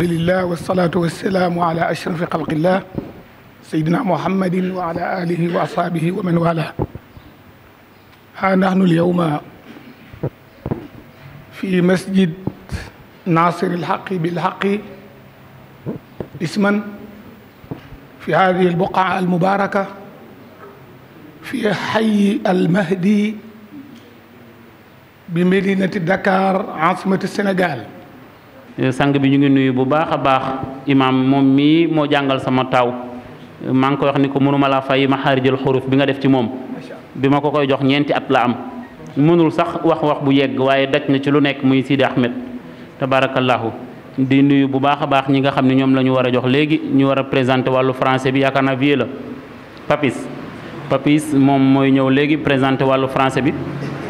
الحمد الله والصلاة والسلام على أشرف خلق الله سيدنا محمد وعلى آله وأصحابه ومن والاه ها نحن اليوم في مسجد ناصر الحق بالحق اسما في هذه البقعة المباركة في حي المهدي بمدينة دكار عاصمة السنغال Eh, sang bi ñu ngi nuyu bu baaxa baax imam mom mi mo jangal sama taw eh, maa ngi wax ni ko mënuma laa fay maharijul huruf bi nga def ci mom bi ma ko koy jox ñenti at la am munul sax wax wax bu yegg waye daj na ci lu nekk muy Sidi Ahmed tabarakallahu di nuyu bu baaxa baax ñi nga xamni ñom lañu la jox legi ñu wara présenter walu français bi yakana vie la papis papis mom moy ñew legi présenter walu français bi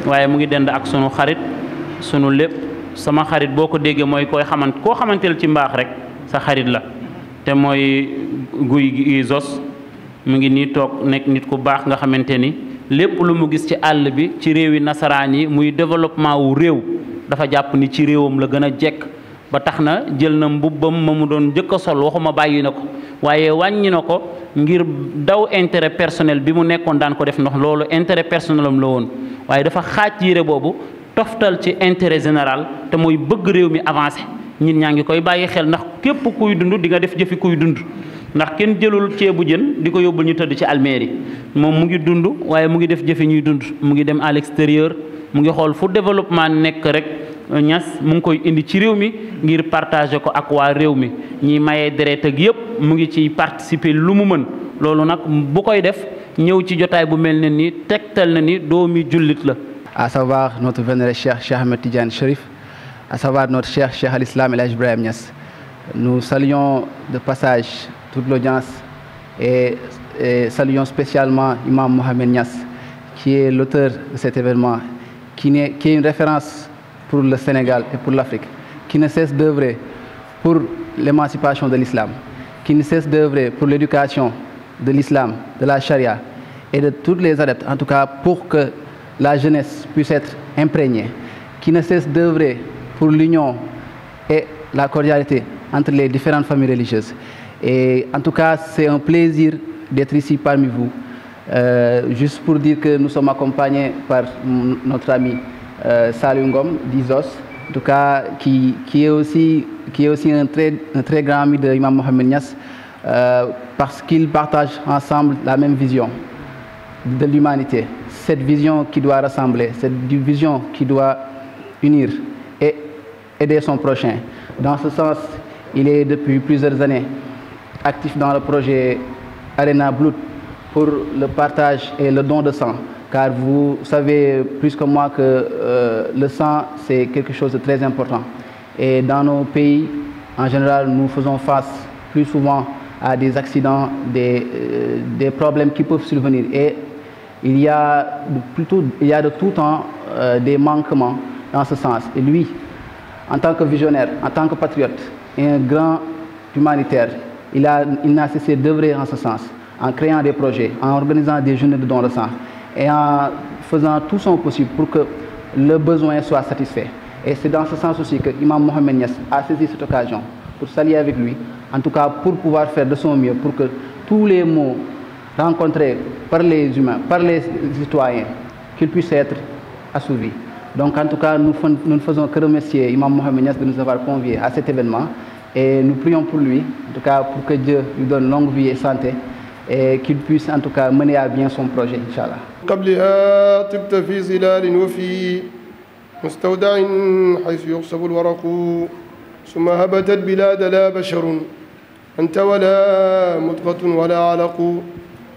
waye mu ngi dend ak sunu xarit sunu lepp sama xarit boo ko déggee mooy koy xamant koo xamanteel ci mbaax rek sa xarit la te mooy guy gi zos mu ngi nii toog nekk nit ku baax nga xamante ni lépp lu mu gis ci àll bi ci réewi nasaraan yi muy développement wu réew dafa jàpp ni ci réewam la gën a jekk ba tax na jël na mbubbam ma mu doon njëkk a sol waxuma bàyyi na ko waaye wàññi na ko ngir daw intérêt personnel bi mu nekkoon daan ko def ndox loolu intérêt personnel am la woon waaye dafa xaaj yére boobu toftal ci intérêt général te mooy bëgg réew mi avancé ñun ñaa ngi koy bàyyi xel ndax képp kuy dund di nga def jëfi kuy dund ndax kenn jëlul ceebu jën di ko yóbbul ñu tëdd ci almeeri moom mu ngi dund waaye mu ngi def jëfi ñuy dund mu ngi dem à l'extérieur mu ngi xool fu développement nekk rek ñas mu ngi koy indi ci réew mi ngir partager ko ak waa réew mi ñi mayee deret ak yépp mu ngi ci participer lu mu mën loolu nag bu koy def ñëw ci jotaay bu mel ne ni tegtal na ni doomi jullit la à savoir notre vénéré cher Cheikh Ahmed Tidjane Sharif à savoir notre Cheikh Cheikh Al-Islam El Ibrahim Nias. Nous saluons de passage toute l'audience et, saluons spécialement Imam Mohamed Nias, qui est l'auteur de cet événement, qui, est, qui est une référence pour le Sénégal et pour l'Afrique, qui ne cesse d'œuvrer pour l'émancipation de l'islam, qui ne cesse d'œuvrer pour l'éducation de l'islam, de la charia et de tous les adeptes, en tout cas pour que la jeunesse puisse être imprégnée, qui ne cesse d'œuvrer pour l'union et la cordialité entre les différentes familles religieuses. Et en tout cas, c'est un plaisir d'être ici parmi vous. Euh, juste pour dire que nous sommes accompagnés par notre ami euh, Salungom d'Isos, en tout cas qui, est aussi, qui un très, grand ami de Imam Mohamed Nias, euh, parce qu'ils partagent ensemble la même vision de l'humanité cette vision qui doit rassembler, cette vision qui doit unir et aider son prochain. Dans ce sens, il est depuis plusieurs années actif dans le projet Arena Blood pour le partage et le don de sang, car vous savez plus que moi que euh, le sang, c'est quelque chose de très important. Et dans nos pays, en général, nous faisons face plus souvent à des accidents, des, euh, des problèmes qui peuvent survenir. Et il y a plutôt, il y a de tout temps euh, des manquements dans ce sens. Et lui, en tant que visionnaire, en tant que patriote et un grand humanitaire, il a cessé d'œuvrer en ce sens, en créant des projets, en organisant des journées de dons de sang et en faisant tout son possible pour que le besoin soit satisfait. Et c'est dans ce sens aussi que Imam Mohamed Nias a saisi cette occasion pour s'allier avec lui, en tout cas pour pouvoir faire de son mieux pour que tous les mots rencontrer par les humains, par les citoyens, qu'il puissent être assouvis. Donc en tout cas, nous, ne faisons que remercier Imam Mohamed Nias de nous avoir conviés à cet événement et nous prions pour lui, en tout cas pour que Dieu lui donne longue vie et santé et qu'il puisse en tout cas mener à bien son projet, Inch'Allah.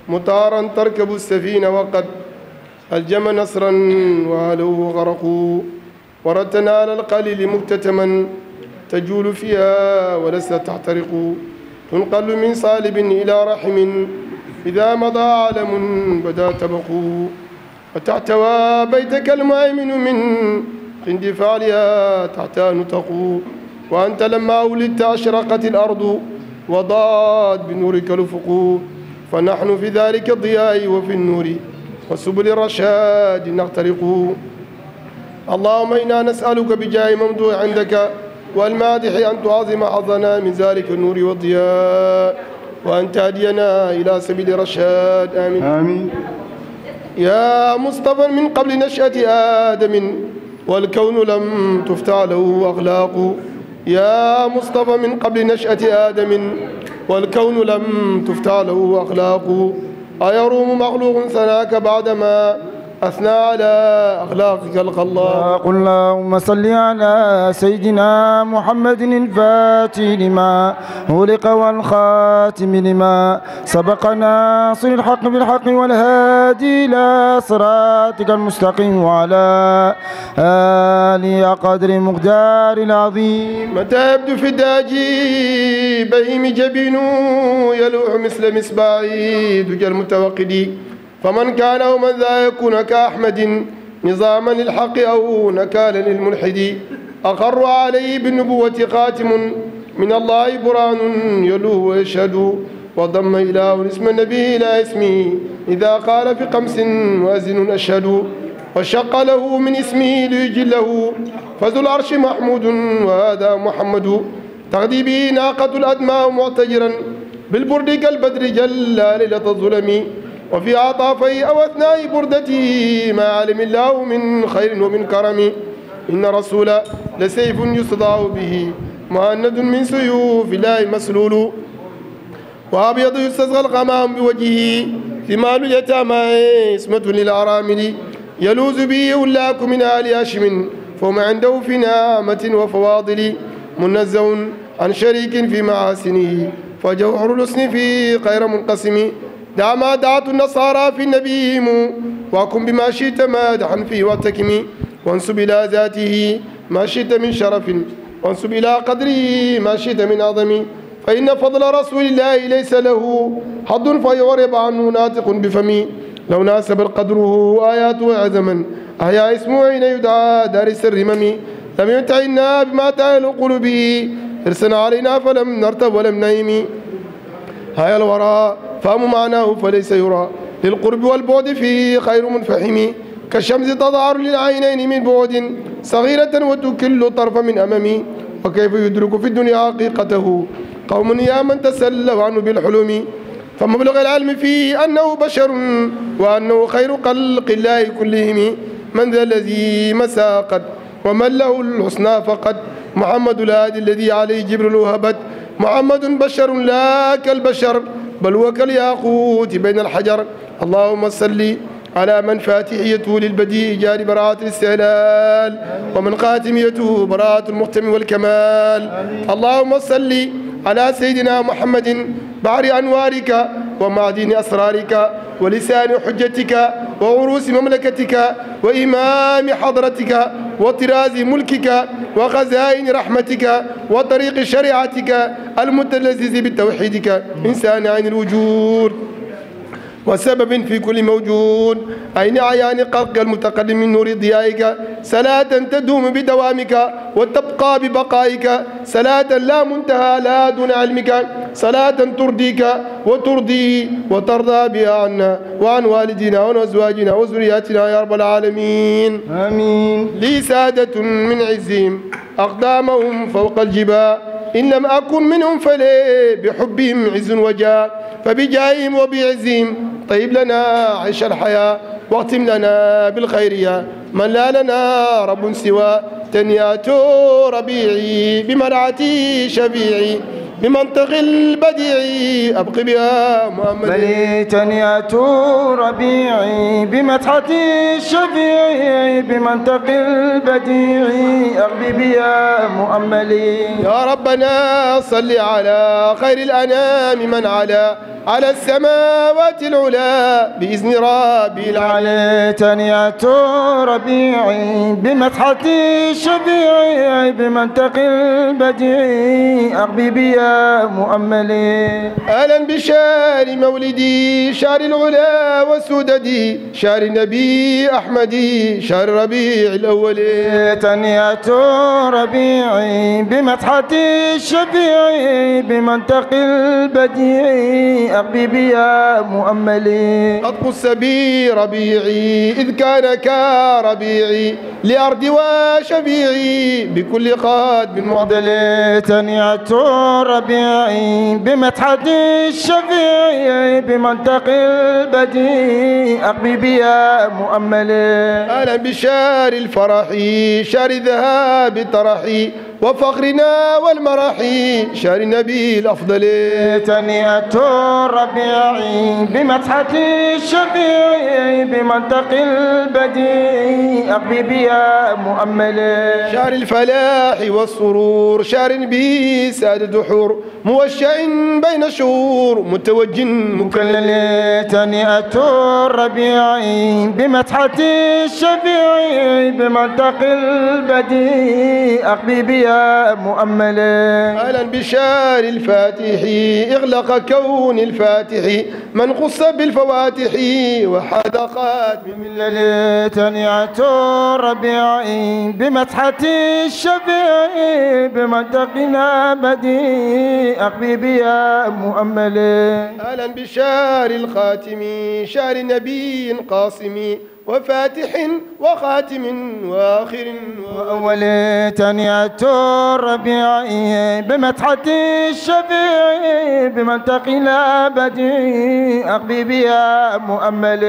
مطارا تركب السفينة وقد الجم نصرا وعلوه غرقوا ورتنا على القليل مكتتما تجول فيها ولست تحترق تنقل من صالب إلى رحم إذا مضى عالم بدا تبق وتحتوى بيتك المهيمن من عند فعلها تحت نطق وأنت لما ولدت أشرقت الأرض وضاد بنورك الأفق فنحن في ذلك الضياء وفي النور وسبل الرشاد نخترق اللهم إنا نسألك بجاه ممدوع عندك والمادح أن تعظم حظنا من ذلك النور والضياء وأن تهدينا إلى سبيل الرشاد آمين آمين يا مصطفى من قبل نشأة آدم والكون لم تفتع له أخلاق يا مصطفى من قبل نشأة آدم والكون لم تفتعله له أخلاقه أيروم مخلوق ثناك بعدما أثنى على أخلاقك خلق الله قل اللهم صل على سيدنا محمد الفاتح لما أغلق والخاتم لما سبق ناصر الحق بالحق والهادي إلى صراطك المستقيم وعلى آل قدر مقدار العظيم متى يبدو في الداجي بهيم جبين يلوح مثل مصباح دجى المتوقدين فمن كان أو من ذا يكون كأحمد نظاما للحق أو نكالا للملحد أقر عليه بالنبوة خاتم من الله برهان يلوه ويشهد وضم إله اسم النبي إلى اسمه إذا قال في قمس وازن أشهد وشق له من اسمه ليجله فذو العرش محمود وهذا محمد تغدي به ناقة الأدماء معتجرا بالبرد كالبدر جل ليلة الظلم وفي عطافي أو أثناء بردته ما علم الله من خير ومن كرم إن رسول لسيف يصدع به مهند من سيوف الله مسلول وأبيض يستسغى الغمام بوجهه ثمال اليتامى اسمة للأرامل يلوز به أولاك من آل هاشم فهم عنده في نعمة وفواضل منزه عن شريك في محاسنه فجوهر الحسن في غير منقسم دع ما النصارى في نبيهم وكن بما شئت مادحا فيه وتكمي وانسب إلى ذاته ما شئت من شرف وانسب إلى قدره ما شئت من عظم فإن فضل رسول الله ليس له حد فيغرب عنه ناطق بفمي لو ناسب قدره ايات وعزما أحيا اسمه حين يدعى دار السر ممي لم يمتعنا بما تعلو قلوبه إرسنا علينا فلم نرتب ولم نيم هيا الوراء فهم معناه فليس يرى للقرب والبعد فيه خير منفحم كالشمس تظهر للعينين من بعد صغيرة وتكل طرف من أمامي وكيف يدرك في الدنيا حقيقته قوم يا من تسلوا عنه بالحلم فمبلغ العلم فيه أنه بشر وأنه خير خلق الله كلهم من ذا الذي مسا قد ومن له الحسنى فقد محمد الهادي الذي عليه جبريل وهبت محمد بشر لا كالبشر بل هو كالياقوت بين الحجر اللهم صل على من فاتحيته للبديع جار براءة الاستهلال ومن خاتميته براءة المختم والكمال اللهم صل على سيدنا محمد بعر أنوارك ومعدن أسرارك ولسان حجتك وعروس مملكتك وإمام حضرتك وطراز ملكك وخزائن رحمتك وطريق شريعتك المتلذذ بتوحيدك إنسان عين الوجود وسبب في كل موجود أين عيان قرق المتقدم من نور ضيائك صلاة تدوم بدوامك وتبقى ببقائك صلاة لا منتهى لا دون علمك صلاة ترضيك وترضي وترضى بها عنا وعن والدنا وعن أزواجنا وزرياتنا يا رب العالمين آمين لي سادة من عزهم أقدامهم فوق إن لم أكن منهم فلي بحبهم عز وجاء فبجاههم وبعزهم طيب لنا عيش الحياة واغتم لنا بالخيرية من لا لنا رب سوى تنيات ربيعي بمرعتي شبيعي بمنطق البديع أبقي بها محمد بل تنيات ربيعي بمدحتي الشفيعي بمنطق البديع أغبي بها مؤملي يا ربنا صل على خير الأنام من على على السماوات العلا بإذن ربي العلا تنية ربيعي بمدحتي شفيعي بمنطق البديع أغبي بيا مؤملي أهلا بشار مولدي شار العلا وسددي شار النبي أحمدي شار ربيع الأول تنية ربيعي بمدحتي شفيعي بمنطق البديع أبب يا مؤملي قد قص بي ربيعي إذ كان كربيعي لأرض وشفيعي بكل قاد من معدلي تنيعة ربيعي بمتحد الشفيعي بمنطق البديع أبب يا مؤملي أنا بشار الفرح شار ذهاب طرحي وفخرنا والمراحي شهر النبي الأفضل تنيئة الربيع بمدحة الشفيع بمنطق البديع أقبي يا مؤمل شهر الفلاح والسرور شهر به سادة دحور موشع بين شهور متوج مكلل تنئة الربيع بمدحة الشفيع بمنطق البديع أقبي بيا مؤملا أهلا بشار الفاتح إغلق كون الفاتح من خص بالفواتح وحدقات بملل تنئة الربيع بمدحة الشفيع بمنطقنا بديع أقضي يا مؤمل أهلا بشار الخاتم شار نبي قاسم وفاتح وخاتم واخر واول تنية الربيع بمدحة الشفيع بمنطق الابد أقضي بيا مؤمل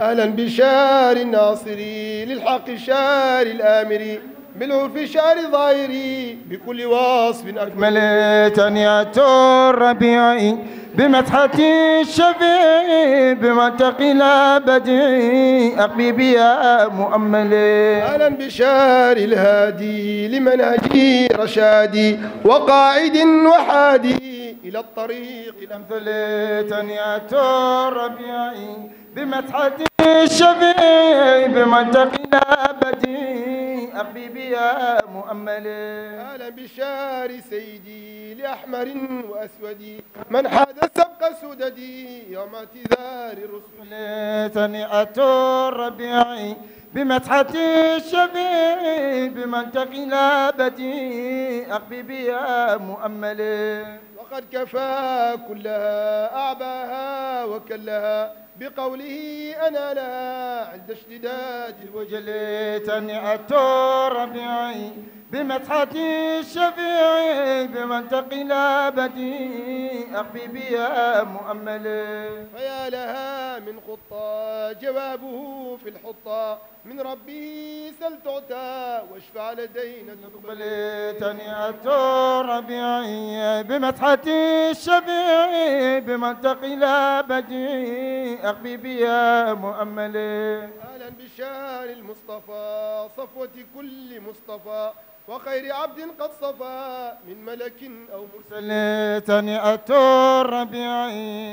اهلا بشار الناصري للحق شار الامري بالعرف شعر ظاهري بكل وصف أكملتني أتو الربيعي بمدحة الشفيع بمنطق لا بديع أقبي يا مؤملي أهلا بشار الهادي لمنهجي رشادي وقاعد وحادي إلى الطريق الأمثل أتو الربيع بمدحة الشفيع بمنطق لا بديع حبيبي يا مؤمل أهلا بشار سيدي لأحمر وأسود من حاد سبق سددي يوم اعتذار الرسل ثنيعة الربيع بمدحة الشفيع بمنطق لابتي أقبي بيا مؤمل وقد كفى كلها أعباها وكلها بقوله أنا لا عند اشتداد وجليتني التربيعي بمدحتي الشفيعي لا بدي أخفي يا مؤمل فيا لها من خطة جوابه في الحطة من ربي سل تعتى واشفع لدينا أتور التربيعي بمدحتي الشفيعي لا بدي أقبي يا مؤملي أهلا بشار المصطفى صفوة كل مصطفى وخير عبد قد صفى من ملك أو مرسل تنئة الربيع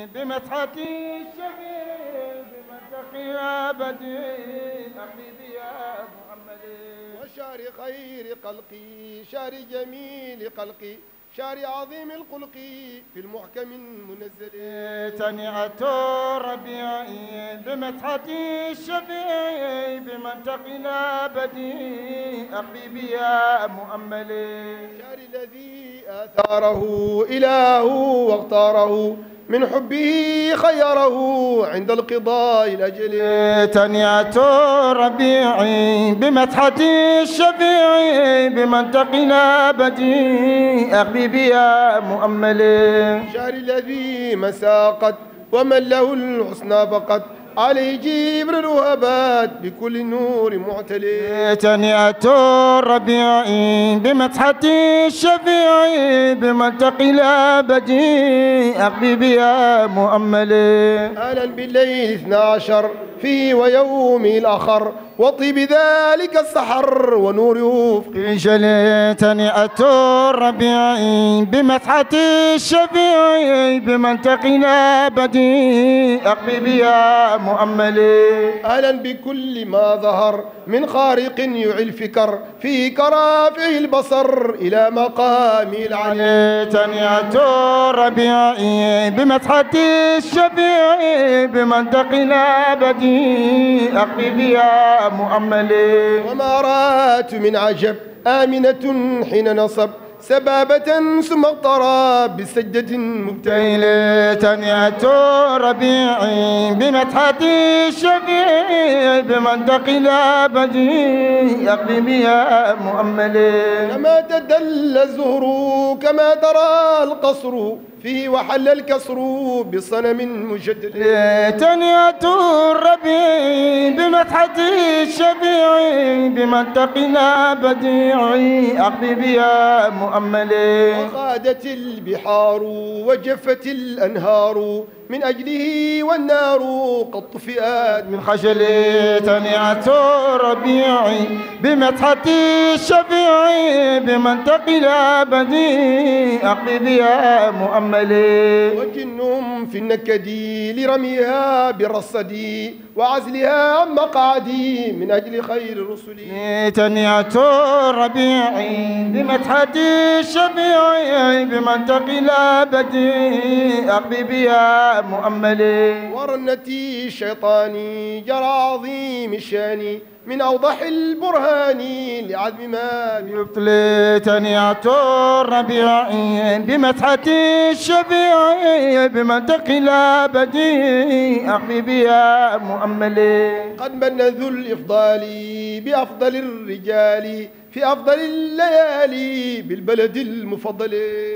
بمدحة الشهيد بمدحي أبدي أقبي يا مؤملي وشار خير خلقي شار جميل خلقي شارع عظيم الخلق في المحكم المنزل تنعة ربيعي بمدحتي الشفيعي بمنطقي لا بدي أقربي يا مؤملي شعر الذي آثاره إله واختاره من حبه خيره عند القضاء لأجل تنيات ربيعي بمدحة الشفيعي بمنطقنا بديع أخبي بيا مؤملي شعر الذي مساقت ومن له الحسنى فقط علي جبر وأباد بكل نور معتلي تنيات الربيع بمدحة الشفيع بملتقي الأبدي أقبي بيا مؤملي أهلا بالليل 12 في ويوم الآخر وطيب ذلك السحر ونور أفق جليتني أتور ربيعي بمسحتي الشفيعي بمنطق بديع أقبي يا مؤملي أهلا بكل ما ظهر من خارق يعي الفكر في كرافه البصر إلى مقام العلي اتور ربيعي بمسحتي الشفيعي بمنطق بديع أقب يا مؤملي وما رأت من عجب آمنة حين نصب سبابة ثم اغترى بسجدة مبتهلة تنعت ربيعي بمدحة الشفيع بمنطق لا بديع أقلبي يا مؤملي كما تدل الزهر كما ترى القصر فيه وحل الكسر بصنم مجدد تنية الربيع بمدحة الشفيع بمنطقنا بديع أقضي يا مؤملي وقادت البحار وجفت الأنهار من أجله والنار قد طفئت من خجل تنعة الربيع بمدحة الشفيع بمنطق الأبد أقض يا مؤملي وجن في النكد لرميها بالرصد وعزلها عن مقعدي من أجل خير الرسل تنعة الربيع بمدحة الشفيع بمنطق الأبد أقض يا مؤملي ورنتي شيطاني جرى عظيم الشان من أوضح البرهان لعدم ما يبطلي تنيعة ربيعي بمسحة الشفيعي بمنطق لا بديع أخي بيا مؤملي قد من ذو الإفضال بأفضل الرجال في أفضل الليالي بالبلد المفضل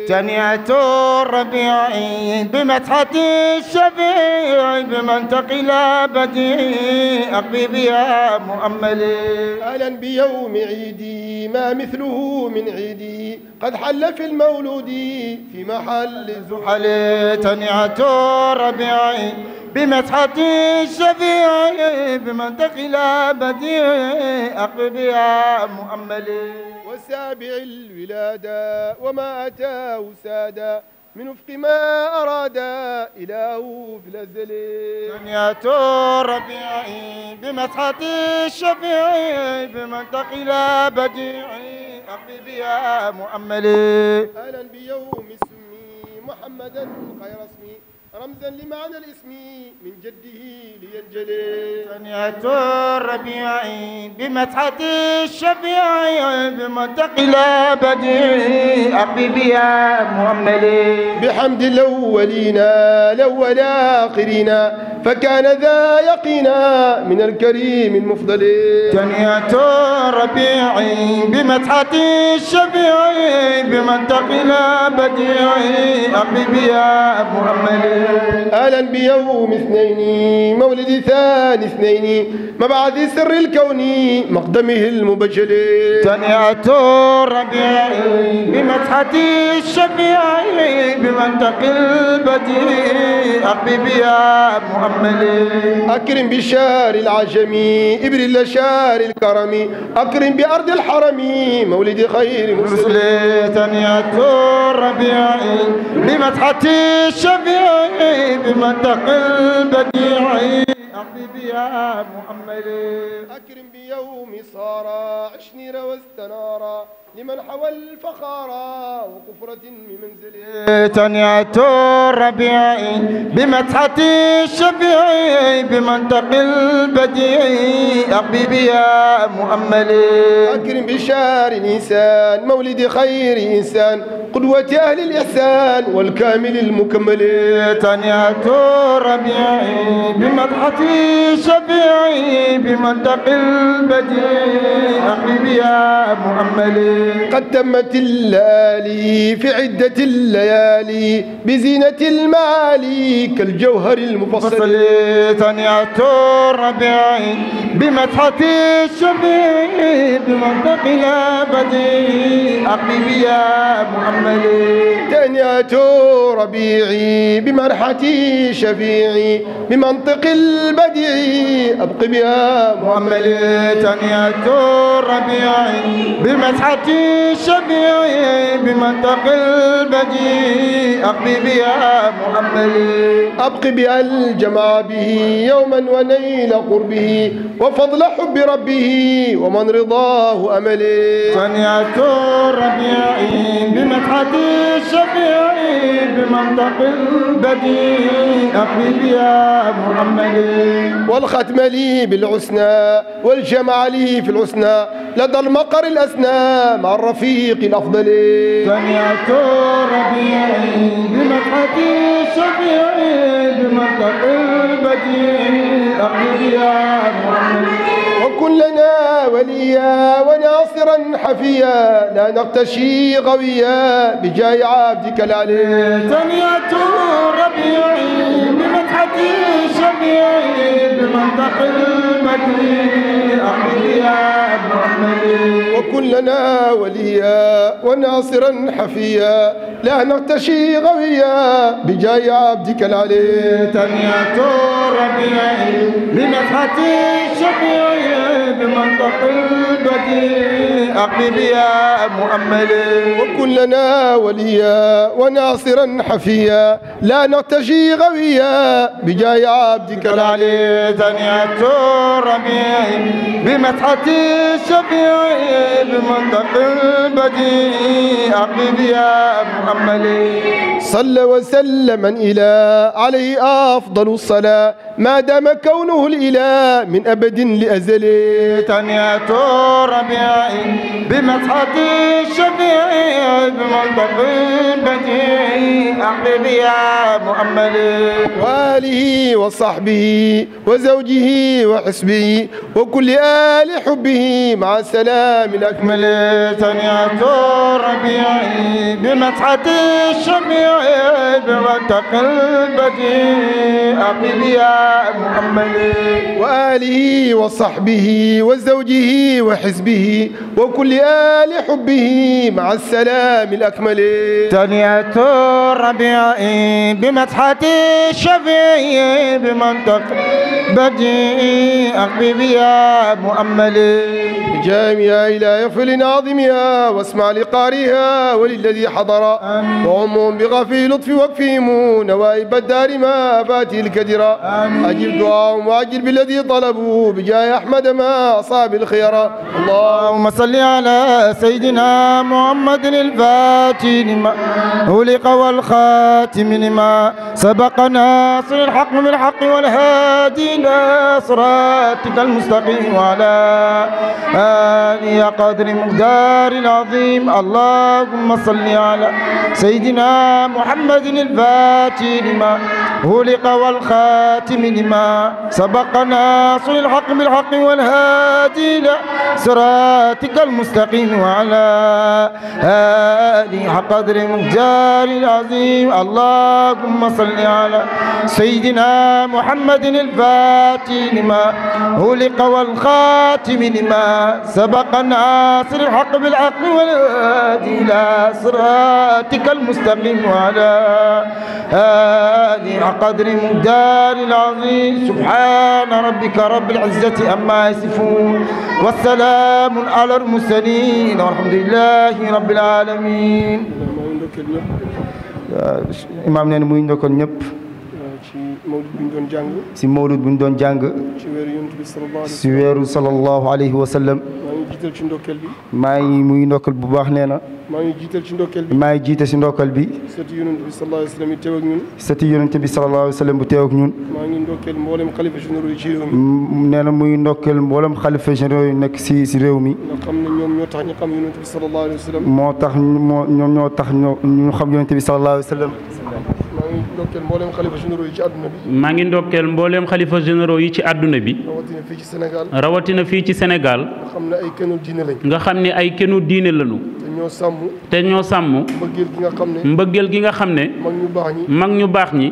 تنيعة الربيع بمدحة الشفيع بمنطق لا بديع أقبي بيا مؤملي أهلا بيوم عيدي ما مثله من عيدي قد حل في المولود في محل زحل تنيعة الربيع بمسحة الشفيع بمنطق أقضي يا مؤملي وسابع الولادة وما أتاه سادا من وفق ما أراد إله في الأزل دنيا ربيعي بمسحة الشفيع بمنطق أقضي يا مؤملي أهلا بيوم اسمي محمدا خير اسمي رمزا لمعنى الاسم من جده لينجلي ثانية الربيعي بمدحة الشفيعي بمنتقل بديعي يا مؤملي بحمد الأولين الأول آخرين فكان ذا يقينا من الكريم المفضل تنية الربيعي بمدحة الشفيعي بمنتقل بديعي يا مؤملي أهلا بيوم اثنين مولد ثاني اثنين مبعث سر الكون مقدمه المبشر تنعت الربيع بمدحة الشفيع بمنطق البديع أحبب يا محمد أكرم بشار العجمي إبريل شار الكرم أكرم بأرض الحرم مولد خير مسلم تنعت الربيع بمدحة الشفيع بمدح البديع أحبب يا محمد أكرم بيوم صار عشني روزت نارا لمن حوى الفخار وكفرة بمنزله تنعت الربيع بمدحة الشفيع بمنطق البديع أقبي يا مؤمل أكرم بشار إنسان مولد خير إنسان قدوة أهل الإحسان والكامل المكمل تنعت الربيع بمدحة الشفيع بمنطق البديع أقبي يا مؤمل قد تمت اللالي في عدة الليالي بزينة المال كالجوهر المفصل تنعت الربيع بمدحة الشبيب بمنطق لا بديع أقلب يا محمد تنعت ربيعي بمرحة شفيعي بمنطق البديع أبقي يا محمد تنعت ربيعي بمدحة في بمنطق البديع أبقي بيا محمد أبقي بيا الجمع به يوما ونيل قربه وفضل حب ربه ومن رضاه أملي صنعت ربيعي بمدحة شفيعي بمنطق البديع أبقي بيا محمد والختم لي بالحسنى والجمع لي في الحسنى لدى المقر الأسنى مع الرفيق الأفضل سمعت ربيعي بمدحة شفيعي بمنطق البديع أحمد يا وكلنا وكن لنا وليا وناصرا حفيا لا نقتشي غويا بجاي عبدك العلي تنية ربيعي بمدحتي شفيعي بمنطق وكلنا وليا وناصرا حفيا لا نغتشي غويا بجاي عبدك العلي تور ربنا بنفحة شفيعية بمنطق البديع أقلب يا مؤمل وكلنا وليا وناصرا حفيا لا نغتشي غويا بجاي عبدك العلي تنيات الربيع بمدحة الشفيع المنطق البديع أقف يا محمد صلى وسلم إلى عليه أفضل الصلاة ما دام كونه الإله من أبد لأزل تنية الربيع بمدحة الشفيع بمنطق البديع أقف يا محمد وآله وصحبه وزوجه وحبه حسبه وكل آل حبه مع السلام الأكمل ثنية ربيعي بمسحة الشميع بمتق البديع يا محمد وآله وصحبه وزوجه وحزبه وكل آل حبه مع السلام الأكمل ثنية ربيع بمدحة الشفيع بمنطق بديع ببيا مؤملي جامعها إلى يغفر لناظمها واسمع لقارئها وللذي حضر وهم بغفي لطف وكفهم نوائب الدار ما فاته الكدر أجب دعاهم وأجل بالذي طلبوا بجاه أحمد ما أصاب الخير اللهم صل على سيدنا محمد الفاتح لما أغلق والخاتم لما سبق ناصر الحق من الحق والهادي ناصراتك المستقيم وعلى آه يا قدر مقدار العظيم اللهم صل على سيدنا محمد الفاتح لما هلق والخاتم لما سبق ناصر الحق بالحق والهادي إلى صراطك المستقيم وعلى آله حق قدر مقدار العظيم اللهم صل على سيدنا محمد الفاتح لما هلق والخاتم لما سبق ناصر الحق بالعقل والهادي إلى صراطك المستقيم وعلى هادي قدر مقدار العظيم سبحان ربك رب العزة أما يصفون والسلام على المرسلين والحمد لله رب العالمين imaam nee na muy ndokkoon mawlud bi ñu doon jàng. si mawlud bi ñu doon jàng. si weeru yonent bi sallallahu si weeru sallallahu alayhi wa sallam. maa ngi jiital ci ndokkeel bi. maa ngi muy ndokkal bu baax nee na. maa ngi jiital ci ndokkal bi. maa ngi jiite si ndokkal bi. sëti yonent bi sallallahu alayhi wa sallam bu teew ak ñun. sëti yonent bi sallallahu alayhi wa sallam bu teew ak ñun. maa ngi ndokkeel mboolem xalifa généraux yi ci réew mi. Mm, nee na muy ndokkeel mboolem xalifa généraux yi nekk si si réew mi. nga xam ne ñoom ñoo tax ñu xam yonent bi sallallahu alayhi wa sallam. moo tax moo ñoom ñoo tax ñu xam yonent bi sallallahu alayhi wa sallam ngi maa ngi ndokkeel mbooleem xalifa généraux yi ci àdduna bi. rawatina fii ci Sénégal. rawatina fii ci Sénégal. nga xam ne ay kënu diine lañ. nga xam lañu. te ñoo sàmm. mbëggeel gi nga xam ne. mag ñu baax ñi.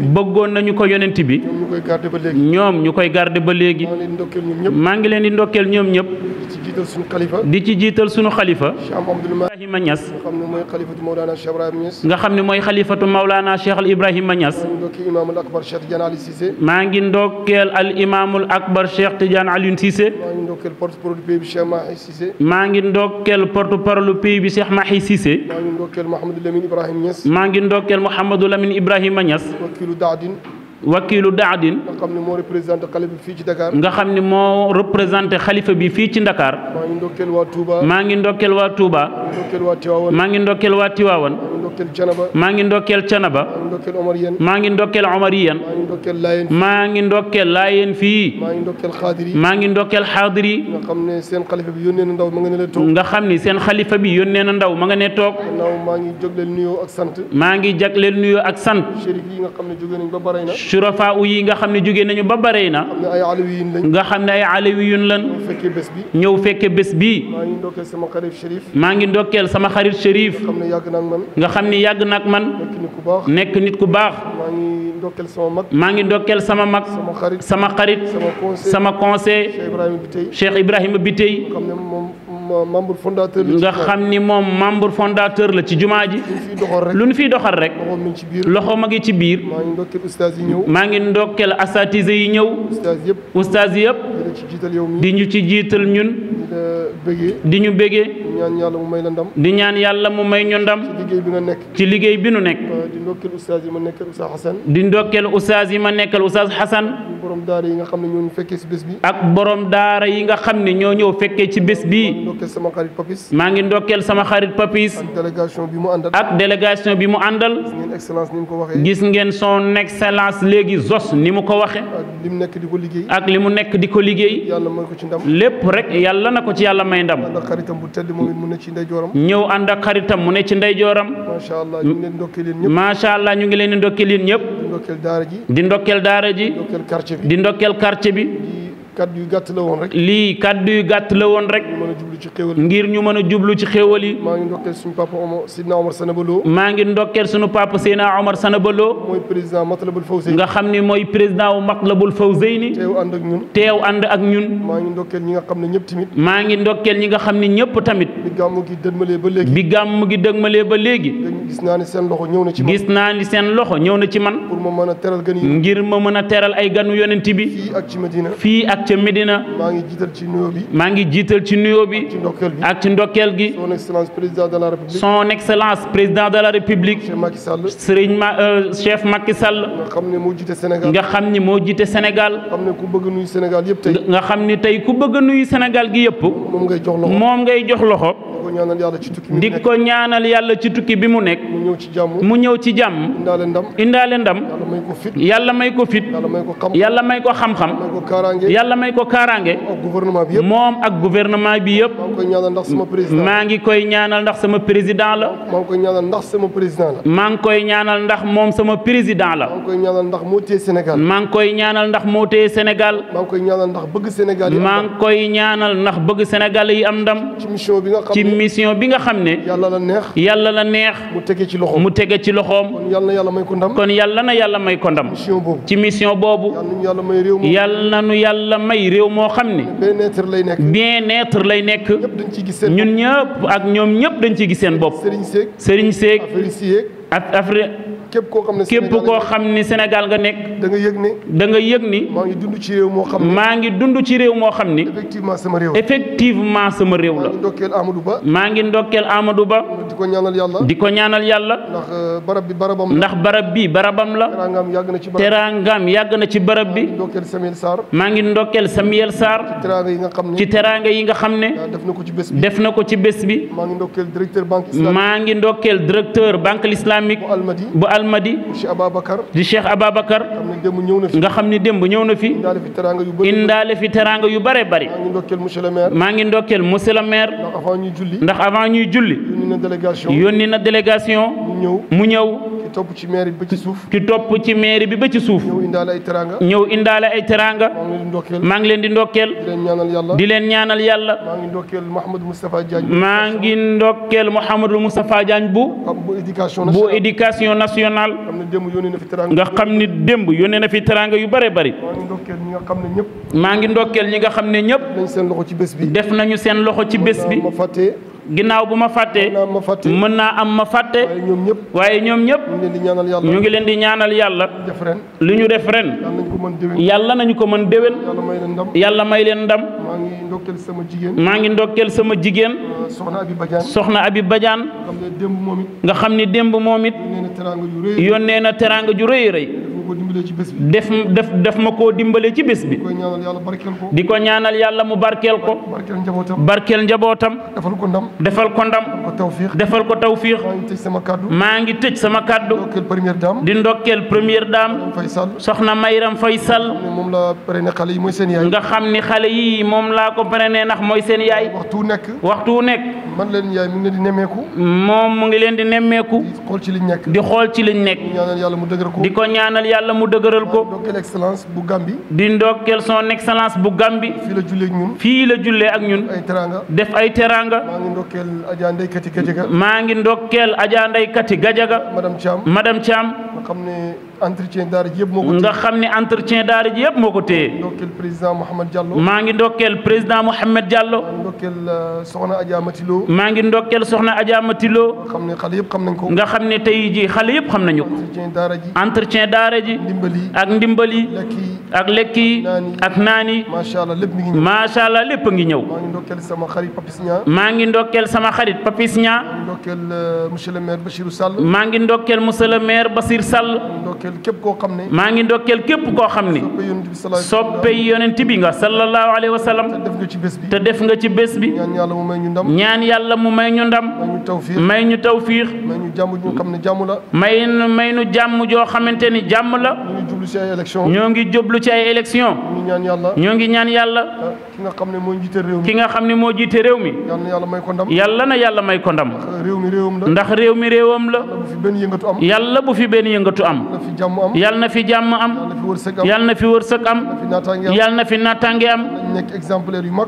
bëggoon nañu ko yonent bi. bëggoon ñoom ñu koy garder ba léegi. maa ngi leen di ndokkeel ñoom ñëpp jiital suñu khalifa di ci jiital suñu xalifa. Ibrahima Niass. nga xam ne mooy Cheikh Ibrahima nga Maulana Cheikh ngi al imaamul akbar Cheikh Tidiane Alioune Cissé. maa ngi ndokkeel porte parole pays bi Cheikh Mahi Cissé. maa ngi porte parole pays bi Cheikh Mahi Cissé. ngi Lamine ibrahim Niass. maa ngi ndokkeel Lamine ibrahim Niass. wakiilu daadin nga xam ne moo représenté xalifa bi fii ci Dakar. nga xam ne moo représenté xalifa bi fii ci Dakar. maa ngi ndokkeel waa Touba. maa ngi ndokkeel waa Touba. maa ngi ndokkeel waa Tiwaawan. maa ngi ndokkeel Canaba. maa ngi ndokkeel Omariyan. maa ngi ndokkeel Laayeen fii. maa ngi ndokkeel Xaadiri. maa ngi ndokkeel Xaadiri. nga xam ne seen xalifa bi yónnee na ndaw ma nga ne toog. nga xam ne seen xalifa bi yónnee na ndaw ma nga ne toog. maa ngi jagleel nuyoo ak sant. maa ngi jagleel nuyoo ak sant. surafaa yi nga xam ne jóge nañu ba bare na nga xam ne ay alawiyun lan ñëw fekke bés bi maa ngi ndokkeel sama xarit Chérif nga xam ni yàgg na ak man nekk nit ku baax maa ngi ndokkeel sama mag sama xarit sama conseil Cheikh Ibrahima Bitey membre fondateur nga xam ni moom membre fondateur la ci jumaa ji. lu nu fiy doxal rek. loxo ma ngi ci biir. maa ngi ndokkeel ustaas yi ñëw. maa ngi ndokkeel asatise yi ñëw. ustaas di ñu ci jiital ñun. di ñu bëggee. di ñaan yàlla mu may la ndam. di ñaan yàlla mu may ñu ndam. ci liggéey bi nu nekk. di ndokkeel ustaas yi ma nekkal ustaas Xasan. di ndokkeel ustaas yi ma nekkal ustaas Xasan. borom daara yi nga xam ak borom daara yi nga xam ne ñoo ñëw fekkee ci bés bi. ndokkeel sama xarit Papis. maa ngi ndokkeel sama xarit Papis. ak délégation bi mu àndal. ak délégation bi mu gis ngeen excellence ni mu ko waxee. gis ngeen son excellence léegi zos ni mu ko waxee. li mu nekk di ko liggéey. ak li mu nekk di ko liggéey. yàlla may ko lépp rek yàlla na ko ci yàlla may ndam. ànd ak xaritam bu tedd moom it mu ne ci ndeyjooram. ñëw ànd ak xaritam mu ne ci ndeyjooram. macha allah ñu ngi leen ndokkeel yéen ñu ngi leen di ndokkeel yéen ñëpp. di ndokkeel daara ji. di ndokkeel quartier bi kaddu yu gàtt la woon rek. lii kaddu yu gàtt la woon rek. ngir ñu mën a jublu ci xéwal yi. maa ngi ndokkeel suñu papa Seydina Omar Sanabaloo. maa ngi ndokkeel suñu papa Seydina Omar Sanabaloo. mooy président Matlabul nga xam ne mooy président wu Matlabul Fawzeyni. teew ànd ak ñun. teew ànd ak ñun. maa ngi ndokkeel ñi nga xam ne ñëpp tamit. maa ngi ndokkeel ñi nga xam ni ñëpp tamit. bi gàmm gi dëgmalee ba léegi. bi gàmm gi dëgmalee ba léegi. gis naa ni seen loxo ñëw na ci man. gis naa ni seen loxo ñëw na ci man. nag ca Medina. maa ngi jiital ci nuyoo bi. maa ngi jiital ci nuyoo bi. ak ci ndokkeel gi ak ci ndokkeel gi. son excellence président de la république. son excellence président de la république. chef Macky Sall. ma euh, chef Macky Sall. nga xam ne moo jiite Sénégal. nga xam ni moo jiite Sénégal. nga xam ne bëgg nuyu Sénégal yëpp tey. nga xam ne tey ku bëgg nuyu Sénégal gi yëpp. moom ngay jox loxo moom ngay jox loxo. ko ñaanal yàlla ci bi ko ñaanal yàlla ci tukki bi mu nekk. mu ñëw ci jàmm mu ñëw ci jàmm. indaale ndam indaale ndam. yàlla may ko fit yàlla may ko fit. yàlla may ko xam-xam. yàlla may ko kaaraange. moom ak gouvernement bi yëpp. maa ngi koy ñaanal ndax sama président la. maa ngi koy ñaanal ndax sama président la. maa ngi koy ñaanal ndax moom sama président la. maa ngi koy ñaanal ndax moo téye Sénégal. maa ngi koy ñaanal ndax moo téye Sénégal. maa ngi koy bëgg Sénégal yi am ndam. maa ngi koy bi nga xam mission bi nga xam ne. yàlla la neex yàlla la neex. mu tege ci loxoom mu tege ci loxoom. kon yàlla na yàlla may ko ndam. kon yàlla na yàlla may ko ndam. ci mission boobu. yàlla na nu yàlla may réew moo xam ne. bien-être lay nekk. bien-être lay nekk. ñun ñëpp ak ñoom ñëpp dañ ci gis seen bopp. Serigne Seck Serigne képp koo xam ne képp koo xam ni Sénégal nga nekk. da nga yëg ni. da nga yëg ni. maa ngi dund ci réew moo xam ni. maa ngi dund ci réew moo xam ni. effectivement sama réew la effectivement ngi ndokkeel Amadou Ba. maa ñaanal yàlla. Euh, ndax barab bi barabam ndax barab na ci barab teraangaam ngi ndokkeel Samuel Sarr. ci teraanga yi nga xam def na ci bés bi def ngi ndokkeel directeur banque islamique. maa ngi ndokkeel directeur banque islamique bu almadi di cheikh Ababacar nga xam ne démb ñëw na fi indaale fi teraanga yu bare bari maa ngi ndokkeel monsieur le ndax avant ñuy julli yónni na délégation mu ñëw ki topp ci mairie bi ba ci suuf. ki topp ci mairie bi ba ci suuf. ñëw indaale ay teraanga. ñëw indaale ay teraanga. maa ngi leen di ndokkeel. di leen ñaanal yàlla. di leen ñaanal yàlla. maa ngi ndokkeel Mouhamadou Moustapha Diagne. maa ngi ndokkeel Mouhamadou Moustapha Diagne bu. bu éducation nationale bu éducation nationale. nga xam ni démb yónnee na fi teraanga yu bare bari. maa ngi ndokkeel ñi nga xam ne ñëpp. def nañu seen loxo ci bés bi. ginnaaw bu ma fàttee mën naa am ma fàtte waaye ñoom ñëpp ñu ngi leen di ñaanal yàlla lu ñu def ren yàlla nañu ko mën déwén yàlla may leen ndam maa ngi ndokkeel sama jigéen ah, soxna Abi Badiane nga xam ni démb moom it nee na teraanga ju rëy rëy ko dimbalee def ma koo dimbalee ci bés bi. di ko ñaanal yàlla di ko ñaanal yàlla mu barkeel ko. barkeel njabootam. barkeel njabootam. defal ko ndam. defal ko ndam. defal ko tawfiix. defal ko tawfiix. maa ngi tëj sama kaddu. maa ngi tëj sama kaddu. di ndokkeel première dame. di ndokkeel première dame. soxna Mayram Faye Sall. moom laa parrainé xale yi mooy seen yaay. nga xam ni xale yi moom laa ko parrainé ndax mooy seen yaay. waxtu nekk. waxtu nekk. man leen yaay di nemmeeku. moom mu ngi leen di nemmeeku. di xool ci liñ nekk. di xool ci liñ nekk. di ko ñaanal yàlla la mu dëgëral ko. di ndokkeel excellence bu Gambie. di ndokkeel son excellence bu Gambie. fii la jullee ak ñun. fii la jullee ak ñun. def ay teraanga. maa ngi ndokkeel Adja Ndeye Kati Gajaga. maa ngi ndokkeel Adja Ndeye Kati Gajaga. madame Thiam madame nga xam ne entretien daara ji yëpp moo ko nga xam ne entretien daara ji yëpp moo ko téye. ndokkeel président Mouhamed Diallo. maa ngi ndokkeel président Mouhamed Diallo. Euh, maa ngi ndokkeel soxna Adja Matilo. maa ngi ndokkeel soxna Adja Matilo. nga xam ne xale yëpp xam nañ ko. nga xam ne tey jii xale yëpp xam nañu ko. entretien daara ji. entretien daara ji. ndimbali ak ndimbali. lekk yi ak lekk yi ak naan yi. macha lépp ngi ñëw macha allah lépp maa ngi ndokkeel sama xarit Papis maa ngi ndokkeel sama xarit Papis euh, maa ngi ndokkeel monsieur le maire Sall. maa ngi ndokkeel monsieur le Sall. maa ngi ndokkeel képp koo xam ni. soppe yonent bi nga sallallahu alayhi wa sallam. te def nga ci bés bi. ñaan yàlla mu may ñu ndam. may ñu tawfiix. may ñu jàmm la. may may nu jàmm joo xamante ni jàmm la. ñoo ngi jublu ci ay élection ñoo ngi ñaan yàlla. Ah, ki nga xam ne moo jiite réew mi. nga xam ne moo jiite réew mi. yàlla na yàlla may ko ndam. ndax réew mi réewam la. yàlla bu fi benn yëngatu am yal na fi jàmm am yal na fi wërsëg am yal na fi naataange am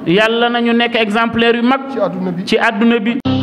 yal na ñu nekk exemplaire yu mag ci àdduna bi